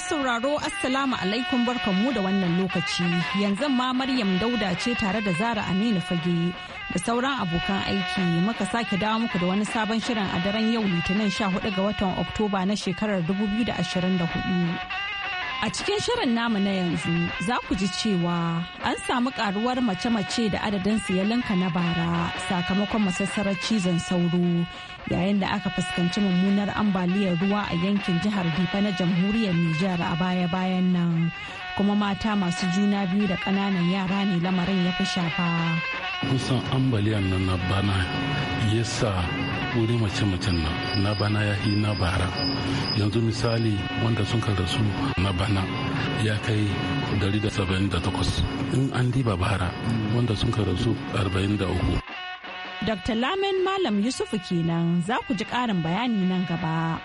masu sauraro Assalamu alaikum barkanmu da wannan lokaci. Yanzu ma Maryam Dauda ce tare da Zara Aminu Fage da sauran abokan aiki muka sake dawo muku da wani sabon shirin a daren yau Litinin 14 ga watan Oktoba na shekarar 2024. A cikin shirin namu na yanzu za ku ji cewa an samu karuwar mace-mace da adadin linka na bara sakamakon masassarar cizon sauro yayin da aka fuskanci mummunar ambaliyar ruwa a yankin jihar Difa na jamhuriyar Nijar a baya-bayan nan kuma mata masu juna biyu da ƙananan yara ne lamarin ya fi shafa. Kusan ambaliyar na bana yasa wuri mace-macen nan na bana ya yi na bara yanzu misali wanda sun rasu na bana ya kai 178 in an diba bara wanda sun rasu 43 Dr. Lamin Malam Yusufu kenan za ku ji ƙarin bayani nan gaba.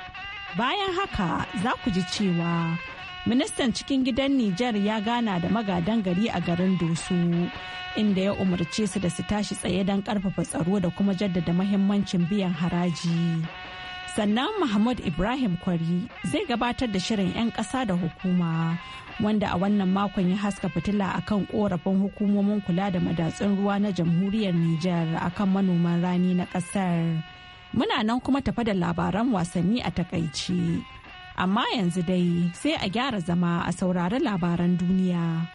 Bayan haka za ku ji cewa ministan cikin gidan Nijar ya gana da magadan gari a garin Dosu inda ya umarce su da su tashi tsaye don karfafa tsaro da kuma jaddada mahimmancin biyan haraji. Sannan Muhammad Ibrahim Kwari zai gabatar da shirin 'yan ƙasa da hukuma wanda a wannan makon ya haska fitila akan korafin hukumomin kula da madatsun ruwa na jamhuriyar Nijar akan manoman rani na ƙasar. Muna nan kuma tafa da labaran wasanni a takaici. amma yanzu dai sai a gyara zama a saurari labaran duniya.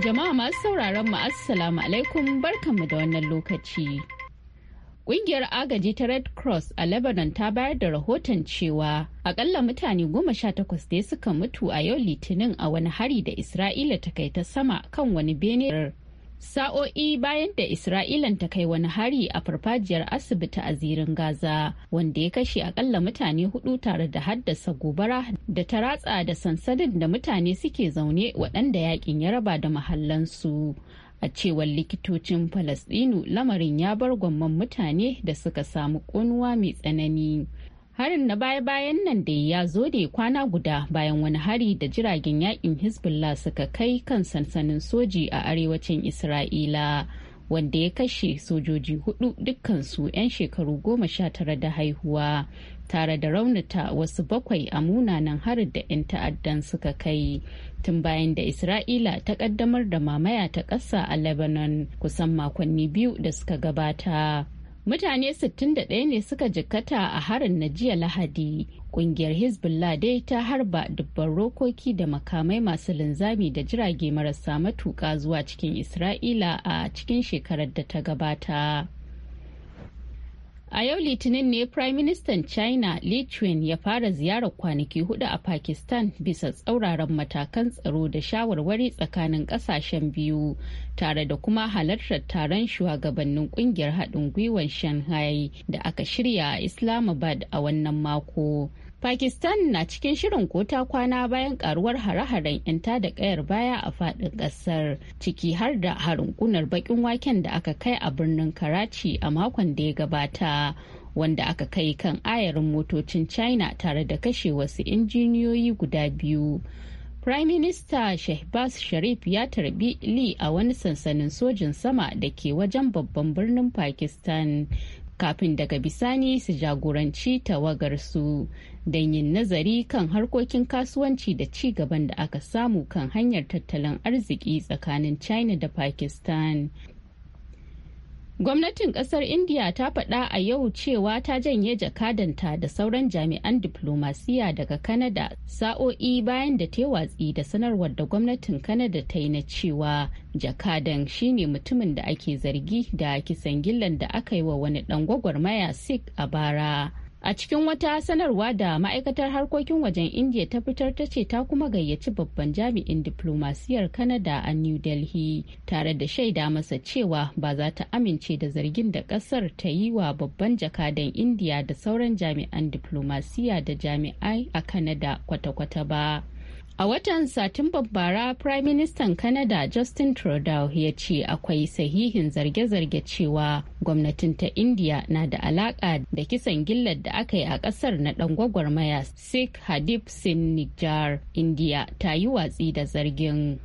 Jama'a masu sauraron mu assalamu alaikum barkanmu da wannan lokaci. Ƙungiyar agaji ta Red Cross a Lebanon ta bayar da rahoton cewa akalla mutane goma sha takwas da suka mutu a yau litinin a wani hari da Isra'ila ta kai ta sama kan wani bene sa'o'i bayan da isra'ilan ta kai wani hari a farfajiyar asibiti a zirin gaza wanda ya kashe akalla mutane hudu tare da haddasa gobara da ta ratsa da sansanin da mutane suke zaune waɗanda yakin ya raba da mahallansu a cewar likitocin falasɗinu lamarin ya bar gwamman mutane da suka samu ƙonuwa mai tsanani harin na baya-bayan nan da ya zo da kwana guda bayan wani hari da jiragen yakin hezbollah suka kai kan sansanin soji a arewacin isra'ila wanda ya kashe sojoji hudu dukkansu 'yan shekaru goma sha tara da haihuwa tare da raunata wasu bakwai a munanan harin da 'yan ta'addan suka kai tun bayan da isra'ila ta kaddamar da mamaya ta kasa a lebanon kusan makonni biyu da suka gabata mutane 61 ne suka jikkata a harin na jiya lahadi kungiyar hezbollah dai ta harba dubban rokoki da makamai masu linzami da jirage marasa matuka zuwa cikin isra'ila a cikin shekarar da ta gabata A yau Litinin ne Prime Minister China Li ya fara ziyarar kwanaki hudu a Pakistan bisa tsauraran matakan tsaro da shawarwari tsakanin kasashen biyu tare da kuma halartar taron shugabannin kungiyar haɗin gwiwar Shanghai da aka shirya a Islamabad a wannan mako. Pakistan na cikin shirin kota kwana bayan karuwar hare-haren 'yan da kayar baya a fadin kasar ciki har da harunkunar bakin waken da aka kai a birnin Karachi a makon da ya gabata wanda aka kai kan ayarin motocin China tare da kashe wasu injiniyoyi guda biyu. Prime Minister Shehbaz Sharif ya tarbi Li a wani sansanin sojin sama da ke wajen babban birnin Pakistan kafin daga bisani su jagoranci tawagar su don yin nazari kan harkokin kasuwanci da ci gaban da aka samu kan hanyar tattalin arziki tsakanin china da pakistan gwamnatin kasar india ta faɗa a yau cewa ta janye jakadanta da sauran jami'an diplomasiya daga kanada sa'o'i bayan da ta watsi da sanarwar da gwamnatin kanada ta yi na cewa jakadan shine mutumin da ake zargi da kisan gillan da aka yi wa wani dan gwagwarmaya sikh a bara A cikin wata sanarwa da ma'aikatar harkokin wajen Indiya ta fitar ta ce ta kuma gayyaci babban jami'in diplomasiyar Kanada a New Delhi tare da shaida masa cewa ba za ta amince da zargin da kasar ta yi wa babban jakadan Indiya da sauran jami'an diplomasiyya da jami'ai a Kanada kwata-kwata ba. A watan Satumban bara, Prime Minister Canada Justin Trudeau ya ce akwai sahihin zarge-zarge cewa gwamnatin ta India na da alaka da kisan gillar da aka yi a kasar na dan gwagwarmaya Sikh Hadip Singh Nijar. India ta yi watsi da zargin.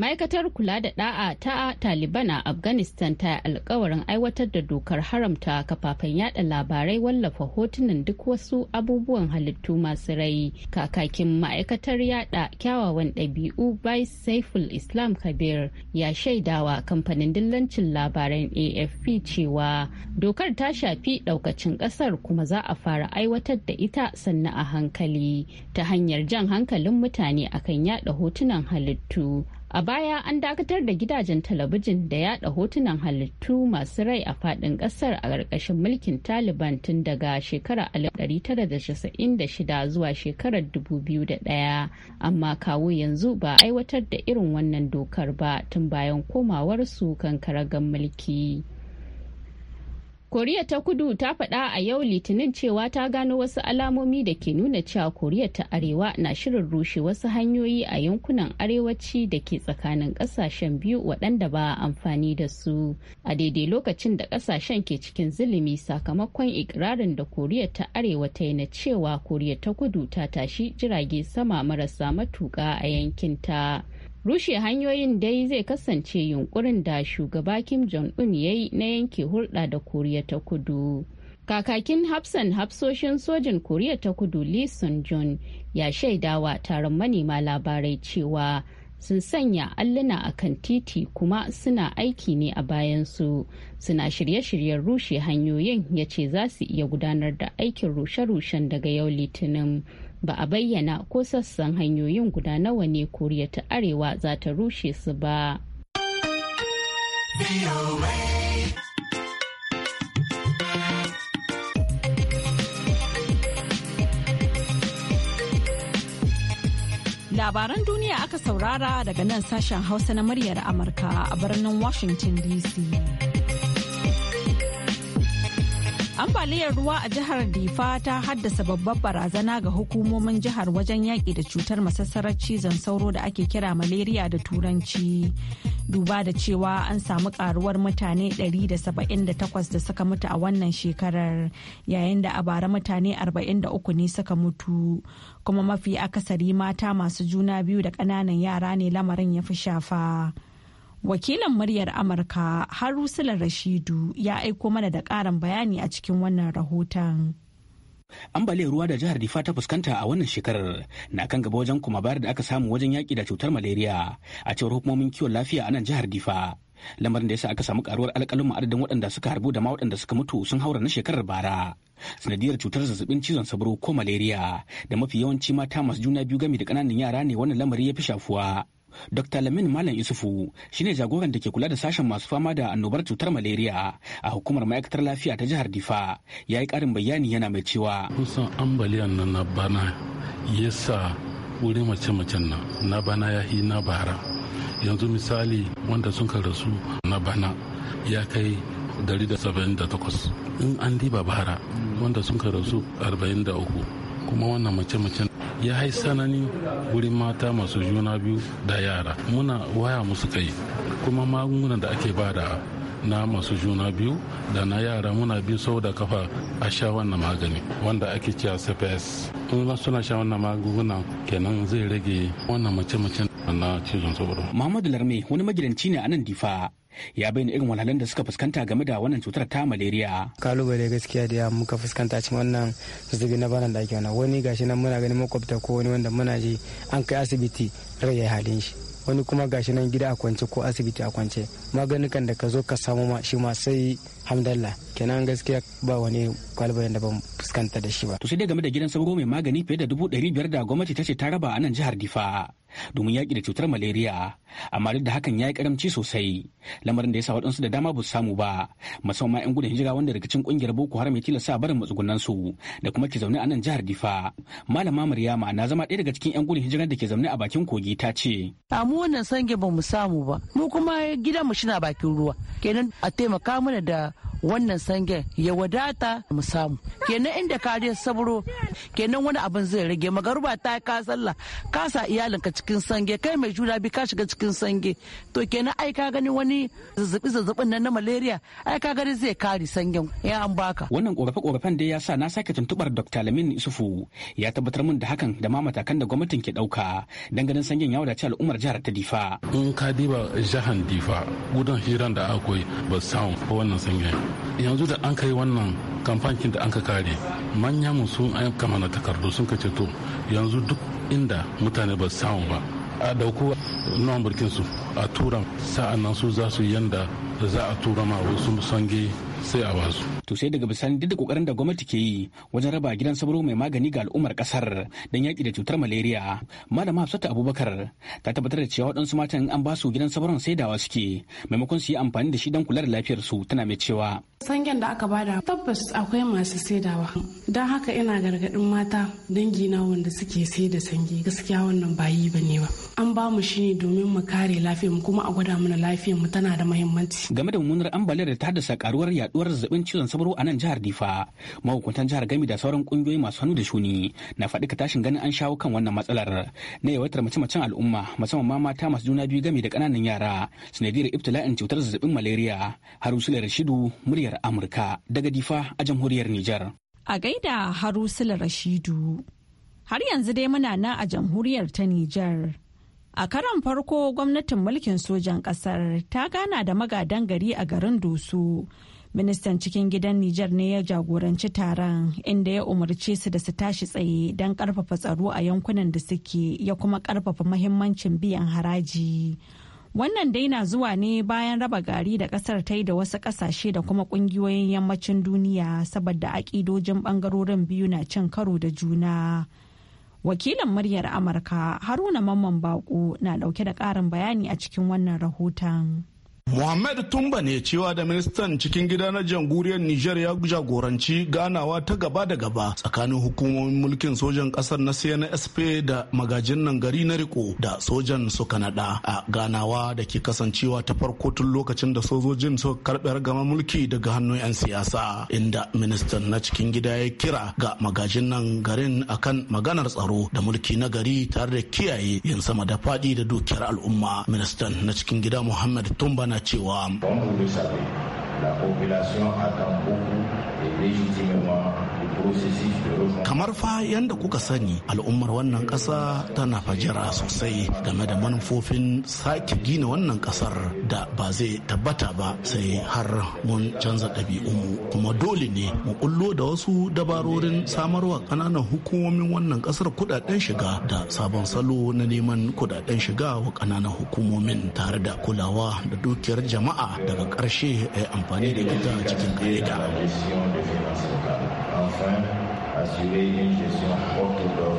ma'aikatar kula da da'a ta taliban a afghanistan ta alkawarin aiwatar da dokar haramta kafafen yada labarai wallafa hotunan duk wasu abubuwan halittu masu rai kakakin ma'aikatar yada kyawawan ɗabi'u by saiful islam kabir ya shaidawa kamfanin dillancin labaran afp cewa dokar ta shafi ɗaukacin ƙasar kuma za a fara aiwatar da ita sannan a hankali ta hanyar jan hankalin mutane akan yada hotunan halittu A baya an dakatar da gidajen talabijin da yada hotunan halittu masu rai a fadin kasar a ƙarƙashin mulkin Taliban tun daga shekarar 1996 zuwa shekarar 2001, amma kawo yanzu ba aiwatar da irin wannan dokar ba tun bayan komawarsu kan karagan mulki. koriya ta kudu ta faɗa a yau litinin cewa ta gano wasu alamomi da ke nuna cewa koriya ta arewa na shirin rushe wasu hanyoyi a yankunan arewaci da ke tsakanin ƙasashen biyu waɗanda ba a amfani da su a daidai lokacin da ƙasashen ke cikin zulumi sakamakon ikirarin da koriya ta arewa ta yi na cewa koriya ta kudu ta tashi jirage sama marasa matuƙa a yankinta. ta rushe hanyoyin dai zai kasance yunkurin da shugaba kim jong-un ya yi na yanke hulɗa da koriya ta kudu kakakin hafsan hafsoshin sojin koriya ta kudu lee john jun ya shaidawa taron manema labarai cewa sun sanya alluna a kan titi kuma suna aiki ne a bayansu suna shirye-shiryen rushe hanyoyin ya ce za su iya gudanar da aikin rushe-rushen daga yau litinin ba a bayyana ko sassan hanyoyin guda nawa ne koriya ta arewa za ta rushe su ba labaran duniya aka saurara daga nan sashen hausa na muryar amurka a birnin washington dc ambaliyar ruwa a jihar difa ta haddasa babbar barazana ga hukumomin jihar wajen yaƙi da cutar masassarar cizon sauro da ake kira malaria da turanci duba da cewa an samu karuwar mutane 178 da suka mutu a wannan shekarar yayin da a bara mutane 43 ne suka mutu kuma mafi akasari mata masu juna biyu da ƙananan yara ne lamarin ya fi shafa. Wakilin muryar Amurka Harusula Rashidu ya aiko mana da karin bayani a cikin wannan rahoton. ambaliyar ruwa da jihar difa ta fuskanta a wannan shekarar na kan gaba wajen kuma bayar da aka samu wajen yaƙi da cutar malaria a cewar hukumomin kiwon lafiya a nan jihar difa lamarin da yasa aka samu karuwar alƙalin adadin waɗanda suka harbu da ma waɗanda suka mutu sun haura na shekarar bara sanadiyar cutar zazzabin cizon sabro ko malaria da mafi yawanci mata masu juna biyu gami da ƙananan yara ne wannan lamari ya fi shafuwa Dr. Lamin Malam Isufu shine jagoran da ke kula da sashen masu fama da annobar cutar malaria a hukumar ma'aikatar lafiya ta jihar Difa ya yi karin bayani yana mai cewa. Kusan ambaliyan nan na bana ya sa wuri mace-macen nan na bana ya yi na bara. Yanzu misali wanda sun rasu na bana ya kai 178 in an diba bara wanda sun rasu 43 kuma wannan mace-macen ya hai sanani wurin mata masu juna biyu da yara muna waya musu kai kuma magungunan da ake bada na masu juna biyu da na yara muna bi sau da kafa a sha wannan magani wanda ake cewa cps in suna sha wannan magunguna kenan zai rage wannan mace-macen na cizon sauro. Muhammadu Larme wani magidanci ne a nan difa ya bayyana irin wahalhalun da suka fuskanta game da wannan cutar ta malaria. Kalubale gaskiya da muka fuskanta cikin wannan zazzabi na bana da ake wani gashi nan muna ganin makwabta ko wani wanda muna ji an kai asibiti rage halin shi. wani kuma gashi nan gida a kwance ko asibiti a kwance maganukan da ka zo ka samu ma shi ma sai hamdallah kenan gaskiya ba wani kwalbarin da ban fuskanta da shi ba to sai dai game da gidan sauro mai magani fiye da dubu ɗari biyar da gwamnati ta ce ta raba a nan jihar difa domin yaƙi da cutar malaria amma duk da hakan ya yi karamci sosai lamarin da ya sa waɗansu da dama ba su samu ba musamman 'yan gudun hijira wanda rikicin ƙungiyar boko haram ya tilasta barin matsugunan su da kuma ke zaune a nan jihar difa malama maryama na zama ɗaya daga cikin 'yan gudun hijirar da ke zaune a bakin kogi ta ce. a mu wannan sange ba mu samu ba mu kuma gidan mu shina bakin ruwa kenan a taimaka mana da wannan sange ya wadata mu samu kenan inda kariyar saburo kenan wani abin zai rage magaruba ta ka sallah ka sa iyalinka cikin sange kai mai juna bi ka shiga cikin sange to kenan ai ka gani wani zazzabi zazzabin nan na malaria ai ka gani zai kare sangen ya an baka wannan korafe korafen dai ya sa na sake tuntubar Dr. Lamin Isufu ya tabbatar min da hakan da ma matakan da gwamnatin ke dauka ganin sangen ya wadace al'ummar jihar ta Difa in ka diba jihar Difa gudan hiran da akwai ba samu wannan sangen yanzu da an kai wannan kamfankin da an ka kare manya mun sun ayyuka mana takardu sun kace to yanzu duk inda mutane ba samu ba a dauko nawan birkinsu a tura sa'annan su za su yanda za a tura ma wasu sange sai a basu. To sai daga bisani duk da kokarin da gwamnati ke yi wajen raba gidan sauro mai magani ga al'ummar kasar don yaki da cutar malaria. Malama Hafsatu Abubakar ta tabbatar da cewa waɗansu matan an basu gidan sauron saidawa suke maimakon su yi amfani da shi don kula da lafiyar su tana mai cewa sangen da aka bada tabbas akwai masu saidawa don haka ina gargadin mata dangi na wanda suke sai da sange gaskiya wannan ba yi ne ba an ba mu shi ne domin mu kare lafiyar mu kuma a gwada mana lafiyar mu tana da muhimmanci game da mummunar ambaliyar da ta haddasa karuwar yaduwar zazzabin cizon sauro a nan jihar Difa mahukuntan jihar Gami da sauran kungiyoyi masu hannu da shuni na faɗi ka tashin ganin an shawo kan wannan matsalar na yawaitar mace-macen al'umma musamman ma mata masu juna biyu gami da ƙananan yara sanadiyar ibtila'in cutar zazzabin malaria harusu da rashidu murya muryar Amurka daga Difa a jamhuriyar Nijar. A gaida Harusula Rashidu. Har yanzu dai muna nan a jamhuriyar ta Nijar. A karan farko gwamnatin mulkin sojan ƙasar ta gana da magadan gari a garin Doso. ministan cikin gidan Nijar ne ya jagoranci taron inda ya umarce su da su tashi tsaye don ƙarfafa tsaro a yankunan da suke ya kuma ƙarfafa mahimmancin biyan haraji. Wannan dai na zuwa ne bayan raba gari da kasar ta yi da wasu kasashe da kuma kungiyoyin yammacin duniya saboda aƙidojin bangarorin biyu na cin karo da juna. Wakilin muryar Amurka Haruna Mamman Bako na ɗauke da ƙarin bayani a cikin wannan rahoton. Muhammad Tumba ne cewa da ministan cikin gida na jamhuriyar Nijar ya jagoranci ganawa ta gaba da gaba tsakanin hukumomin mulkin sojan kasar na CNSP da magajin nan gari na riko da sojan su Kanada a ganawa da ke kasancewa ta farko tun lokacin da sojojin suka karbe ragama mulki daga hannun 'yan siyasa inda ministan na cikin gida ya kira ga magajin nan garin akan maganar tsaro da mulki na gari tare da kiyaye yin sama da fadi da dukiyar al'umma ministan na cikin gida Muhammad Tumba na Comme vous le savez, la population attend beaucoup et légitimement kamar fa yadda kuka sani al'ummar wannan ƙasa tana fajara sosai game da manufofin sake gina wannan ƙasar da ba zai tabbata ba sai har mun canza ɗabi'unmu kuma dole ne mu kullo da wasu dabarorin samarwa ƙananan hukumomin wannan ƙasar kudaden shiga da sabon salo na neman kudaden shiga wa ƙananan hukumomin tare da kulawa da dukiyar jama'a daga ƙarshe a amfani da ita cikin ƙa'ida. Orthodox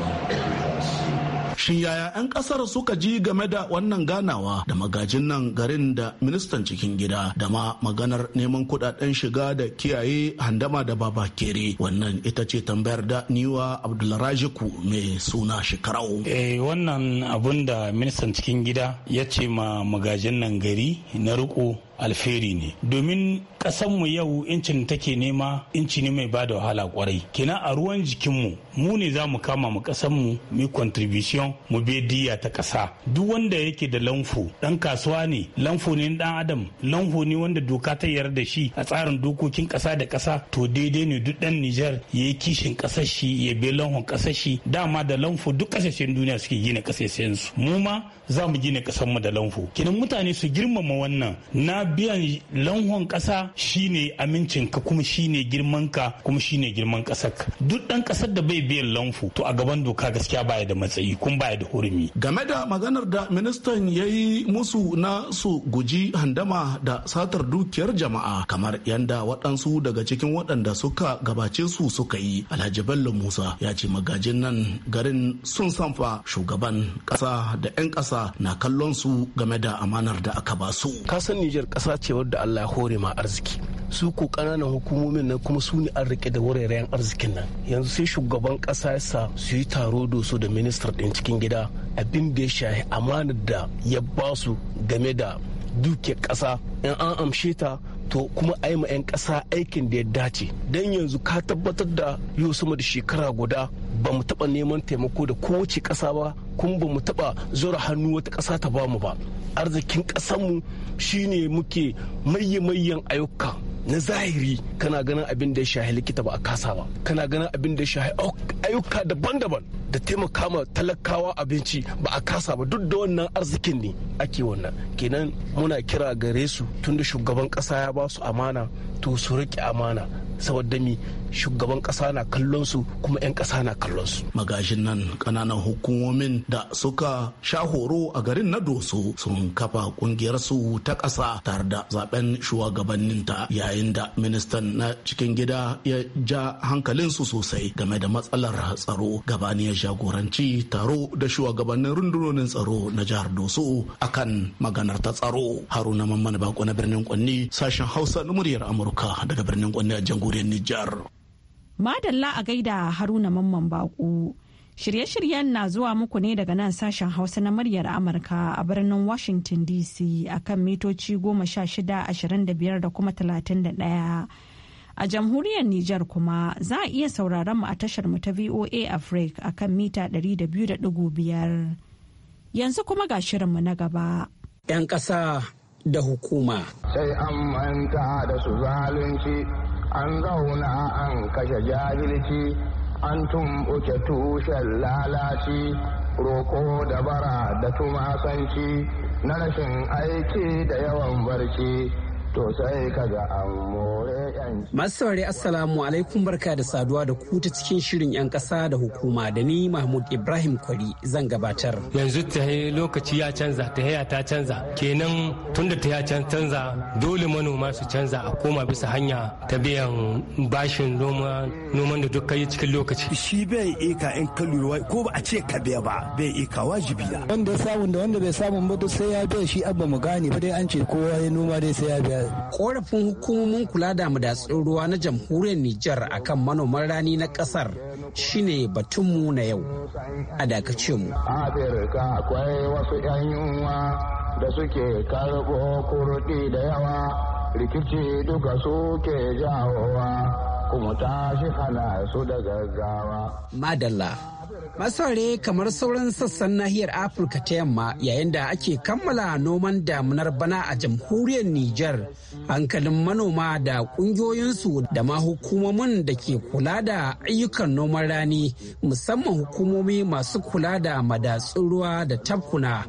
Shin yaya 'yan kasar suka ji game da wannan ganawa da magajin nan garin da ministan cikin gida da ma maganar neman kudaden shiga da kiyaye handama da baba kere wannan ita ce tambayar da niwa abdulrajiku mai suna shekarau. Eh wannan abun da ministan cikin gida ya ce ma magajin nan gari na riko alheri ne domin kasan mu yau incin take nema inci ne mai bada wahala kwarai kenan a ruwan jikinmu mu ne za mu kama mu kasanmu mu contribution mu be diya ta kasa duk wanda yake da lamfo dan kasuwa ne lamfo ne dan adam lamfo ne wanda doka ta yarda da shi a tsarin dokokin kasa da kasa to daidai ne duk dan Nijar ya yi kishin kasar shi ya be lamfon kasar shi dama da lamfo duk kasashen duniya suke gina kasashen su mu ma za mu gina kasan mu da lamfo kenan mutane su girmama wannan na biyan lanhon ƙasa shine amincin ka kuma shine girman ka kuma shine girman ƙasar ka duk ɗan ƙasar da bai biyan lanfu to a gaban doka gaskiya baya da matsayi kun baya da hurumi game da maganar da ministan ya yi musu na su guji handama da satar dukiyar jama'a kamar yanda waɗansu daga cikin waɗanda suka gabace su suka yi alhaji bello musa ya ce magajin nan garin sun sanfa shugaban ƙasa da 'yan ƙasa na kallon su game da amanar da aka ba su ka san nijar kasa ce wadda Allah ya hore ma arziki su ko ƙananan hukumomin nan kuma su ne an rike da wuraren arzikin nan yanzu sai shugaban ƙasa sa su yi taro da su da ministar ɗin cikin gida abin da ya shahi amanar da ya ba su game da duke ƙasa in an amshe ta to kuma a yi ma 'yan ƙasa aikin da ya dace don yanzu ka tabbatar da yau sama da shekara guda ba mu taɓa neman taimako da kowace ƙasa ba kuma ba mu taɓa zura hannu wata ƙasa ta bamu ba arzikin ƙasanmu shine muke maye-mayen ayyukan. na zahiri kana ganin abin da ya shahi likita ba a kasa ba kana ganin abin da ya shahi ayyuka daban-daban da taimaka ma talakawa abinci ba a kasa ba duk da wannan arzikin ne ake wannan kenan muna kira gare su tunda shugaban kasa ya ba su amana to su riƙe amana saboda mi shugaban kasa na kallon su kuma 'yan kasa na kallon su magashin nan kananan hukumomin da suka sha horo a garin na doso sun kafa kungiyar su ta kasa tare da zaben ta yayin da ministan na cikin gida ya ja hankalin su sosai game da matsalar tsaro gabani ya jagoranci taro da shugabannin rundunonin tsaro na jihar doso akan maganar ta tsaro haruna mamman bako na birnin kwanni sashen hausa na muryar amurka daga birnin kwanni a jango jamhuriyar Nijar. Madalla a gaida Haruna Mamman baƙo. Shirye-shiryen na zuwa muku ne daga nan sashen Hausa na muryar Amurka a birnin Washington DC a kan mitoci shida ashirin da biyar da kuma talatin da ɗaya. A jamhuriyar Nijar kuma za a iya sauraron mu a tashar mu ta VOA Africa a kan mita biyar. Yanzu kuma ga shirinmu na gaba. 'Yan ƙasa da hukuma. Sai an manta da su zalunci, an zauna an kashe jahilci, an tumɓuke tushen lalaci, roko da bara da tumasanci, na rashin aiki da yawan barci. to sai ka ga an more masu saurari assalamu alaikum barka da saduwa da ku ta cikin shirin yan kasa da hukuma da ni mahmud ibrahim kwari zan gabatar yanzu ta lokaci ya canza ta haya ta canza kenan tunda ta ya canza dole manoma su canza a koma bisa hanya ta biyan bashin noman da duk kai cikin lokaci shi bai ika in ka lura ko ba a ce ka biya ba bai ika wajibi wanda ya da wanda bai samu ba sai ya biya shi abba mu gane ba dai an ce kowa ya noma dai sai ya biya korafin hukumomin kula da madatsun ruwa na jamhuriyar Nijar akan manoman rani na kasar shine batunmu na yau. A dakace mu. Afirka akwai wasu 'yan yunwa da suke karɓo kurɗi da yawa rikici duka suke jawowa kuma tashi hana su da gaggawa. Madalla. Masaure kamar sauran sassan nahiyar Afirka ta yamma yayin da ake kammala noman damunar bana a jamhuriyar Nijar hankalin manoma da kungiyoyinsu da ma hukumomin da ke kula da ayyukan noman rani musamman hukumomi masu kula da madatsun ruwa da tafkuna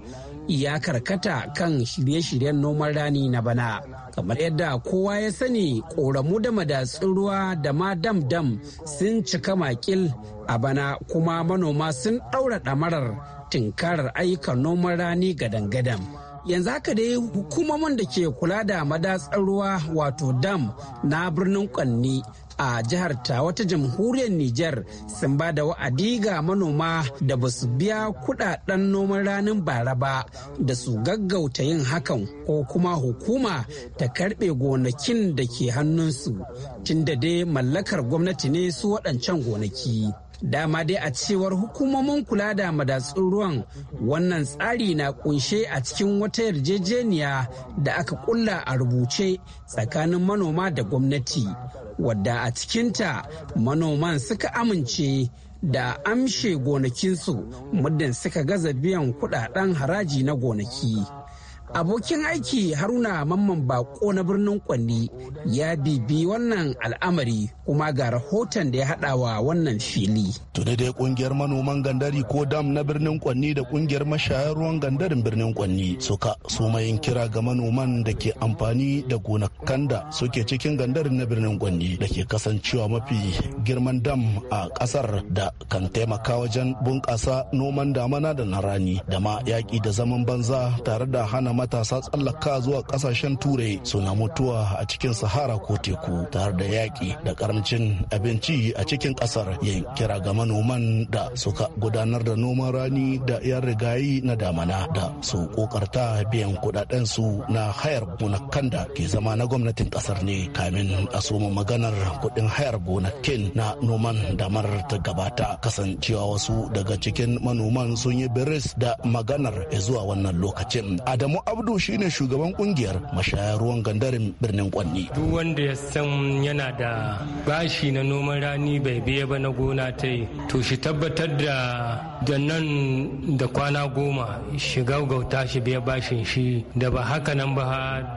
ya karkata kan shirye-shiryen noman rani na bana. kamar yadda kowa ya sani koramu da madatsin ruwa da ma dam dam sun cika makil a bana kuma manoma sun ɗaura ɗamarar tinkarar ayyukan noman rani gadan-gadan yanzu haka dai hukumomin da ke kula da madatsin ruwa wato dam na birnin kwanni a jihar ta wata jamhuriyar Nijar sun ba da wa'adi ga manoma da ba su biya kudaden noman ranar bara ba da su gaggauta yin hakan ko kuma hukuma ta karbe gonakin da ke hannunsu tun da dai mallakar gwamnati ne su waɗancan gonaki. dama dai a cewar hukumomin kula da madatsun ruwan wannan tsari na kunshe a cikin wata yarjejeniya da aka kulla a rubuce tsakanin manoma da gwamnati wadda a cikinta manoman suka amince da amshe gonakinsu muddin suka gaza biyan kudaden haraji na gonaki. Abokin aiki Haruna Mamman Bako na birnin Kwanni ya bibi wannan al'amari kuma ga rahoton da ya haɗa wa wannan fili. Tuni dai kungiyar manoman gandari ko dam na birnin Kwanni da kungiyar mashayar ruwan gandarin birnin Kwanni suka sumayin kira ga manoman da ke amfani da gonakan da suke cikin gandarin na birnin Kwanni da ke kasancewa mafi girman dam a kasar da kan taimaka wajen bunƙasa noman damana da na rani da ma yaƙi da zaman banza tare da hana matasa tsallaka zuwa kasashen turai suna mutuwa a cikin sahara ko teku tare da yaƙi da karamcin abinci a cikin ƙasar yin kira ga manoman da suka gudanar da noman rani da yan rigayi na damana da su kokarta biyan kudaden su na hayar gonakan da ke zama na gwamnatin ƙasar ne kamin a soma maganar kuɗin hayar gonakin na noman damar ta gabata kasancewa wasu daga cikin manoman sun yi biris da maganar zuwa wannan lokacin adamu abdu shine shugaban kungiyar mashayar ruwan gandarin birnin kwanni duk wanda ya san yana da bashi na noman rani bai biya ba na gona ta yi to shi tabbatar da nan da kwana goma shiga gauta shi biya bashin shi da ba haka nan ba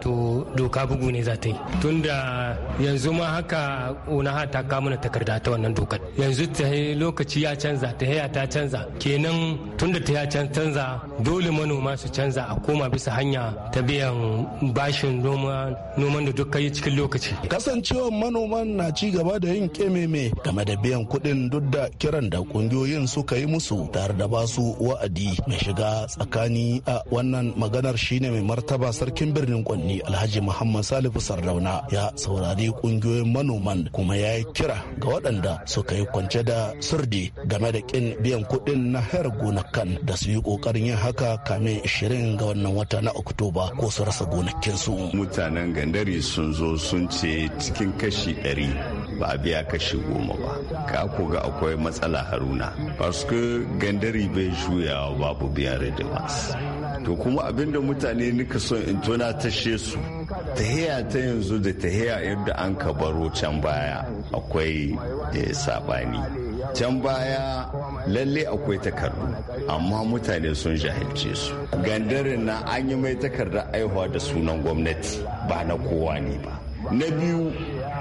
to doka bugu ne za ta yi tunda yanzu ma haka ona ta na takarda ta wannan dokar yanzu ta lokaci ya canza ta ta canza kenan tunda ta ya canza dole manoma su canza a koma bisa hanya ta biyan bashin noman da duk kai cikin lokaci kasancewar manoman na ci gaba da yin kememe game da biyan kuɗin duk da kiran da kungiyoyin suka yi musu tare da basu wa'adi mai shiga tsakani a wannan maganar shine mai martaba sarkin birnin kwanni alhaji muhammad salifu sardauna ya saurari kungiyoyin manoman kuma ya yi kira ga waɗanda suka yi kwance da surdi game da kin biyan kuɗin na hayar gonakan da su yi ƙoƙarin yin haka kamin 20 ga wannan watan na oktoba ko su rasa gonakinsu mutanen gandari sun zo sun ce cikin kashi ɗari ba a biya kashi goma ba ka ku ga akwai matsala haruna parce gandari bai juya babu biyan redevance to kuma abinda mutane nika son in tona tashe su tahiya ta yanzu da tahiya yadda an ka baro can baya akwai eh, sabani can baya lalle akwai takardu amma mutane sun jahilce su gandarin na an yi mai takardar aihuwa da sunan gwamnati ba na kowa ne ba na biyu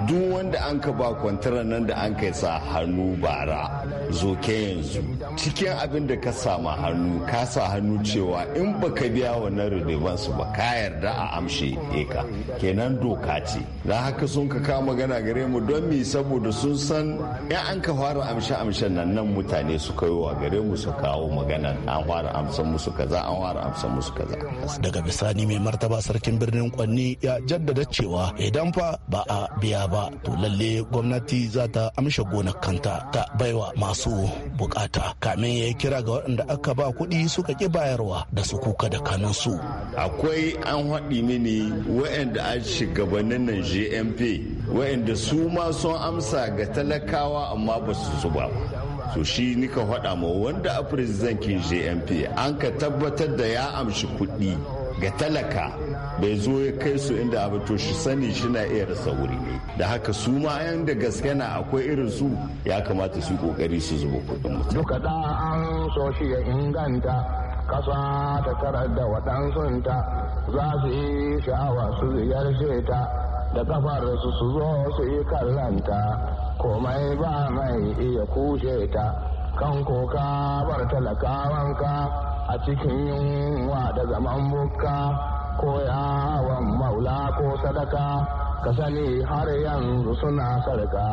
duk wanda an ka ba kwantar nan da an kai sa hannu bara zoke yanzu cikin abin da ka sama hannu ka sa hannu cewa in ba ka biya wannan redevance ba ka yarda a amshe eka kenan doka ce za haka sun ka kama gana gare mu don mi saboda sun san in an ka fara amshe amshen nan nan mutane su kai wa gare mu su kawo magana an fara amsan musu kaza an fara amsan musu kaza daga bisani mai martaba sarkin birnin kwanni ya jaddada cewa idan fa ba a biya ba ba to lalle gwamnati za ta amsha gonar kanta ta baiwa masu bukata kamin ya kira ga waɗanda aka ba kuɗi suka ƙi bayarwa da su kuka da kanunsu. akwai an haɗi mini waɗanda a shugabannin nan gmp waɗanda su ma sun amsa ga talakawa amma ba su zuba ba to shi nika haɗa ma wanda a firzidankin gmp an ka tabbatar da ya amshi kuɗi ga talaka bai zo ya kai su inda abu to shi sani shi na iya rasa wuri ne da haka su ma yan da gaske na akwai irin su ya kamata su kokari su zuba kudin mutum duka da an so shi ya inganta kasa ta tarar da waɗansunta za su yi sha'awa su ziyarce ta da kafar su su zo su yi kallanta komai ba mai iya kushe ta kan koka bar talakawanka a cikin yunwa da zaman bukka ko yawan maula ko sadaka ka sani har yanzu suna sarka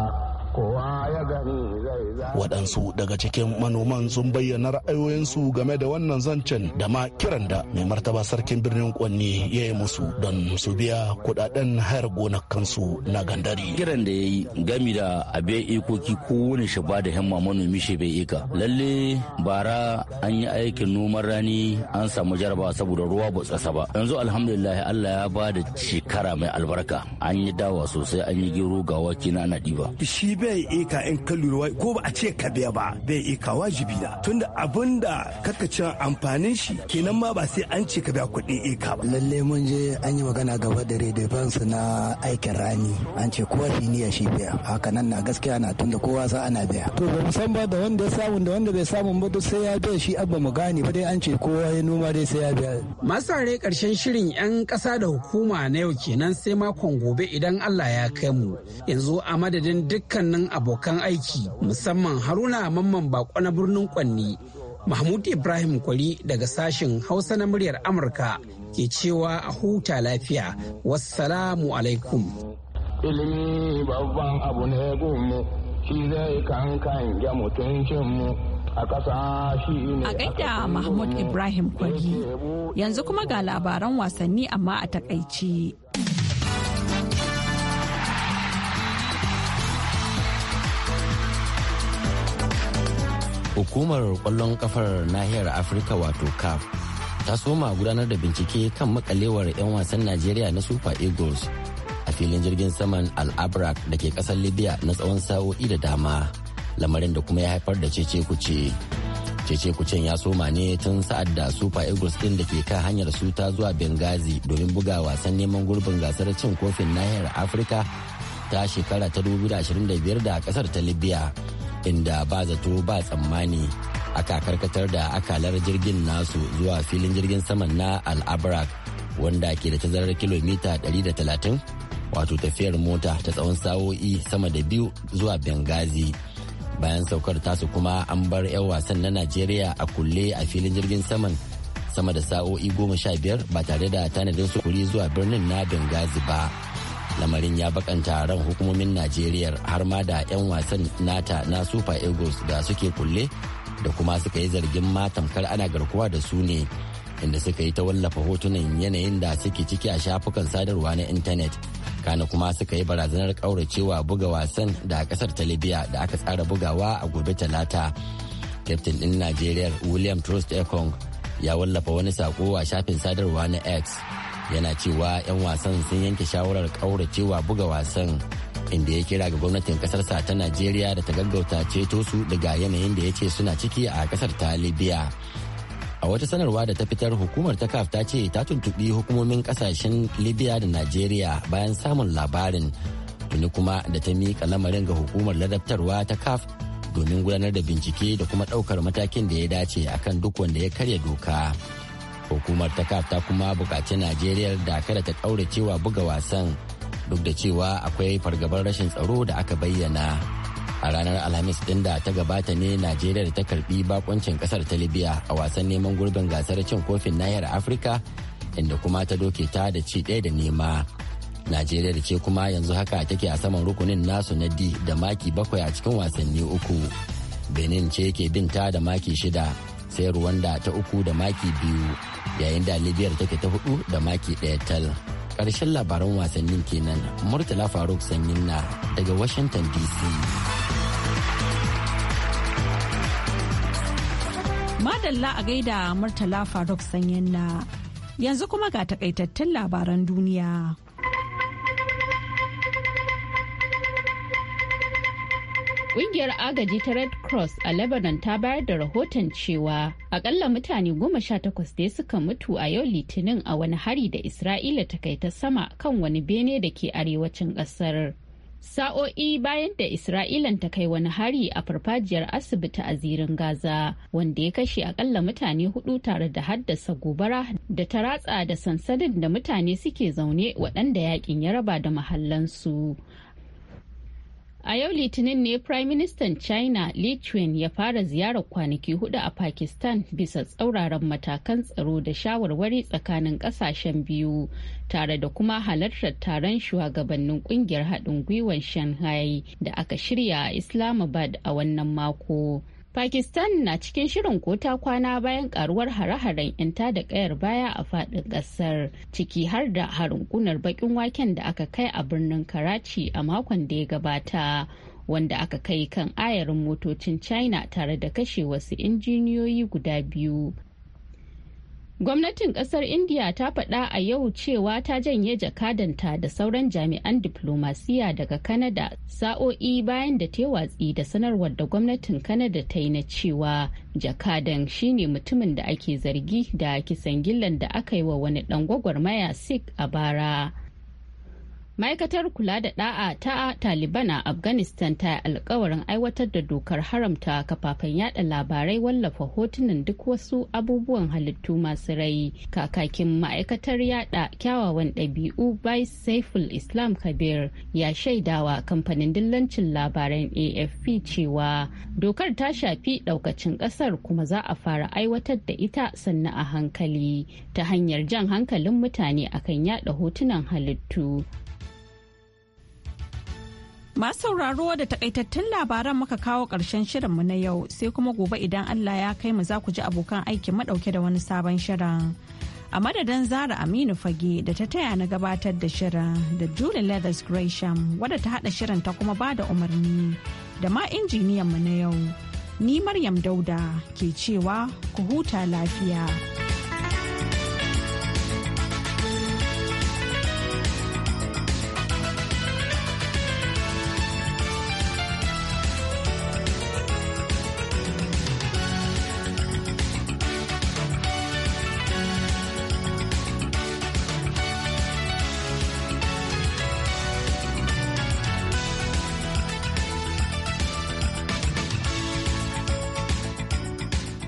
waɗansu daga cikin manoman sun bayyana ra'ayoyinsu game da wannan zancen da ma kiran da mai martaba sarkin birnin kwanni ya yi musu don su biya kudaden hayar gonakansu na gandari kiran da ya yi gami da abe ikoki wani shi ba da himma manomi shi bai ika lalle bara an yi aikin noman rani an samu jaraba saboda ruwa ba tsasa ba yanzu alhamdulillah allah ya ba da shekara mai albarka an yi dawa sosai an yi gero ga wake na ɗiba bai ika in ka lura ko ba a ce ka biya ba bai ika wajibi na tunda abin da kaka cin amfanin shi kenan ma ba sai an ce ka biya kuɗin ika ba. Lalle mun je an yi magana gaba da redefansu na aikin rani an ce kowa shi niyya shi biya haka nan na gaskiya na tunda kowa sa ana biya. To ba san ba da wanda ya samu da wanda bai samu ba duk sai ya biya shi abba mu gane ba dai an ce kowa ya noma dai sai ya biya. Masare karshen shirin 'yan kasa da hukuma na yau kenan sai makon gobe idan Allah ya kai mu yanzu a madadin dukkan hannun abokan aiki musamman haruna mamman bako na birnin kwanni mahmud ibrahim kwari daga sashen hausa na muryar amurka ke cewa a huta lafiya wassalamu alaikum ilimi babban abu ne gumu shi zai kankan ya mutuncinmu a ƙasa shi ne a gaida mahmud ibrahim kwari yanzu kuma ga labaran wasanni amma a takaici. hukumar kwallon kafar nahiyar afirka wato caf ta soma gudanar da bincike kan makalewar 'yan wasan najeriya na super eagles a filin jirgin saman al-abrak da ke kasar libya na tsawon sa'o'i da dama lamarin da kuma ya haifar da cece kuce cece kucen ya soma ne tun sa'ad da super eagles din da ke kan hanyar su ta zuwa bengazi domin buga wasan neman gurbin gasar cin kofin nahiyar afirka ta shekara ta 2025 da kasar ta libya inda ba zato ba tsammani aka karkatar da akalar jirgin nasu zuwa filin jirgin saman na al'abrak wanda ke da tazarar kilomita 130 wato tafiyar mota ta tsawon sa'o'i sama da biyu zuwa bengazi bayan saukar tasu kuma an bar 'yan wasan na najeriya a kulle a filin jirgin saman sama da sa'o'i goma sha biyar ba tare da tanadin sukuri zuwa birnin na bengazi ba. lamarin ya bakanta ran hukumomin najeriya har ma da 'yan wasan nata na super eagles da suke kulle da kuma suka yi zargin ma tamkar ana garkuwa da su ne inda suka yi ta wallafa hotunan yanayin da suke ciki a shafukan sadarwa na intanet kana kuma suka yi barazanar kauracewa buga wasan da kasar ta libya da aka tsara bugawa a gobe talata kyaftin din najeriya william trust ekong ya wallafa wani sako a shafin sadarwa na x yana cewa 'yan wasan sun yanke shawarar ƙauracewa buga wasan inda ya kira ga gwamnatin kasarsa ta najeriya da ta gaggauta ceto su daga yanayin da ya ce suna ciki a kasar ta libya a wata sanarwa da ta fitar hukumar ta kaf ta ce ta tuntuɓi hukumomin kasashen libya da najeriya bayan samun labarin tuni kuma da ta miƙa lamarin ga hukumar ladabtarwa ta kaf domin gudanar da bincike da kuma ɗaukar matakin da ya dace akan duk wanda ya karya doka. hukumar ta ta kuma bukaci najeriya da kada ta cewa buga wasan duk da cewa akwai fargabar rashin tsaro da aka bayyana a ranar alhamis din da ta gabata ne najeriya da ta karbi bakoncin kasar ta libya a wasan neman gurbin gasar cin kofin nahiyar afirka inda kuma ta doke ta da ci ɗaya da nema najeriya ce kuma yanzu haka take a saman rukunin nasu na d da maki bakwai a cikin wasanni uku benin ce ke binta da maki shida sai rwanda ta uku da maki biyu yayin da Libiyar take ta hudu da maki ɗaya tal. Ƙarshen labaran wasannin kenan Murtala Faruk Sanyin na daga Washington DC. Madalla a gaida Murtala Faruk Sanyin na yanzu kuma ga takaitattun labaran duniya. Ƙungiyar agaji ta Red Cross a Lebanon ta bayar da rahoton cewa akalla mutane goma sha takwas da suka mutu a yau litinin a wani hari da Isra'ila ta kai ta sama kan wani bene da ke arewacin ƙasar. Sa'o'i bayan da Isra'ilan ta kai wani hari a farfajiyar asibiti a zirin Gaza wanda ya kashe akalla mutane hudu tare da haddasa gobara da ta ratsa da sansanin da mutane suke zaune waɗanda yakin ya raba da mahallansu. A yau Litinin ne Prime Minister China Li ya fara ziyarar kwanaki hudu a Pakistan bisa tsauraran matakan tsaro da shawarwari tsakanin kasashen biyu tare da kuma halartar taron shugabannin kungiyar haɗin gwiwar Shanghai da aka shirya a Islamabad a wannan mako. Pakistan na cikin shirin kota kwana bayan karuwar hare-haren yanta da kayar baya a fadin kasar ciki har da harungunar bakin waken da aka kai a birnin Karachi a makon da ya gabata wanda aka kai kan ayarin motocin China tare da kashe wasu injiniyoyi guda biyu Gwamnatin kasar India ta faɗa a yau cewa ta janye jakadanta da sauran jami'an diplomasiya daga Kanada sa'o'i bayan da ta watsi da sanarwar da gwamnatin Kanada ta yi na cewa jakadan shine mutumin da ake zargi da kisan gillan da aka yi wa wani ɗan gwagwarmaya Sikh a bara. ma'aikatar kula da ɗa'a ta taliban a afghanistan ta yi alkawarin aiwatar da dokar haramta kafafen yada labarai wallafa hotunan duk wasu abubuwan halittu masu rai kakakin ma'aikatar yada kyawawan ɗabi'u by saiful islam kabir ya shaidawa kamfanin dillancin labaran afp cewa dokar ta shafi ɗaukacin ƙasar kuma za a fara aiwatar da ita sannan a hankali ta hanyar jan hankalin mutane akan yada hotunan halittu Masu sauraro da takaitattun labaran muka kawo ƙarshen shirinmu na yau sai kuma gobe idan Allah ya kai mu za ku ji abokan aikin madauke da wani sabon shirin. A madadin Zara Aminu Fage da ta taya na gabatar da shirin da Julie Leathers Gresham wadda ta haɗa shirin ta kuma ba da umarni da ma injiniyanmu na yau. Ni Maryam Dauda ke cewa ku huta lafiya.